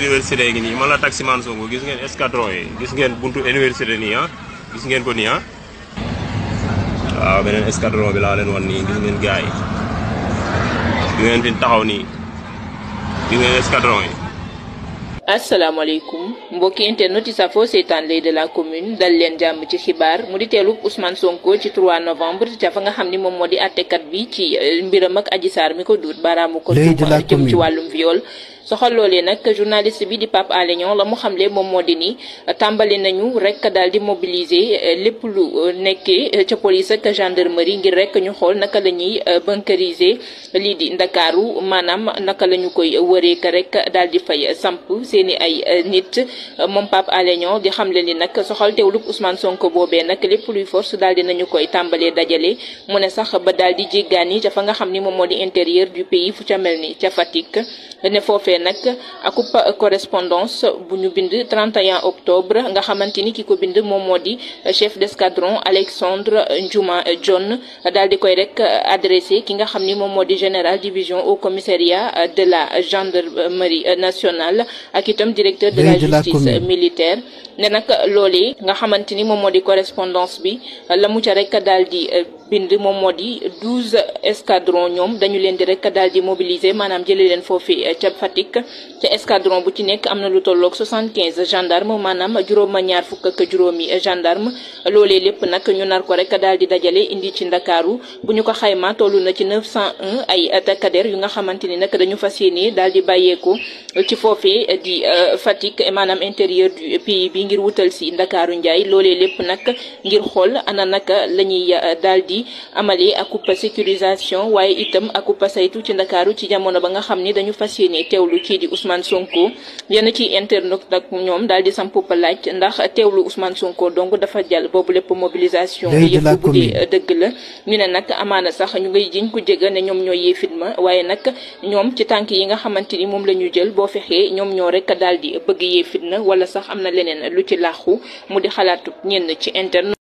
université nii man la taxi man Sonko gis ngeen escadron yi gis ngeen buntu université nii ah, gis ngeen ko nii ah. waaw beneen escadron bi laa leen wan ni gis ngeen gars yi gis ngeen fi taxaw nii gis ngeen escadron yi. asalaamaaleykum mbokki internet yi safoo seetaan de la commune dal leen jàmm ci xibaar mu di teelu Ousmane Sonko ci 3 novembre ca fa nga xam ni moom moo di àttekat bi ci eh, mbiram ak Adji Sarr mi ko duut baaraamu ko. lay de la commune soxal loolee nag journaliste bi di Pape Alé Niang la mu xamle moom moo di ni tàmbali nañu rek daal di mobiliser euh, lépp lu euh, nekkee euh, ca police ak gendarmerie ngir rek ñu xool naka la ñuy bunkeriser lii di ndakaaru maanaam naka la ñu koy wëree ka rek daal di fay samp seeni ay nit moom Pape Alé Niang di xamle ni nag soxal teewlub Ousmane Sonko boobee nag lépp luy force daal di nañu koy tàmbalee dajale mu ne sax ba daal di jéggaan yi ca fa nga xam ni moom moo di intérieur du pays fu ca mel ni ca Fatick A nag akup correspondance bu bind 31 octobre nga xamante ni ki bind di euh, chef d'escadron Alexandre njuma John euh, daal di koy rek euh, adressé ki nga xam ni di général division au commissariat de la gendarmerie nationale ak itam directeur de la justice militaire ne nag loolee nga xamante ni moom di correspondance bi la mu rek bind moom moo di douze escadron ñoom dañu leen di rek daal di mobiliser maanaam jëlee leen foofi eh, ca Fatick te escadron bu ci nekk am na lu tolloog soixante quinze gendarme maanaam juróom ñaar fukk ak juróomi gendarme loolee lépp nak ñu nar ko rek daal di dajale indi ci ndakaaru bu ñu ko xayma tollu na ci neuf cent un ay takkader yu nga xamante ni nag dañu fas yéene daal di bàyyeeku ci foofee di eh, Fatick eh, maanaam intérieur du pays bi ngir wutal si ndakaaru njaay loolee lépp nag ngir xool ana yi amali akub sécurisation waaye itam akub saytu ci ndakaaru ci jamono ba nga xam ni dañu fas yéene teewlu kii di Ousmane Sonko yenn ci internet ak ñoom daal di sampopa laaj ndax teewlu Ousmane Sonko donc dafa jàll boobu lépp mobilisation bi yëpp bu dee dëgg la ñu ne nag amaana sax ñu ngay jiñ ku jega ne ñoom ñoo yee fitma waaye nag ñoom ci tànk yi nga xamante ni moom la ñu jël boo fexee ñoom ñoo rek daal di bëgg yee fitna wala sax am na leneen lu ci laaxu mu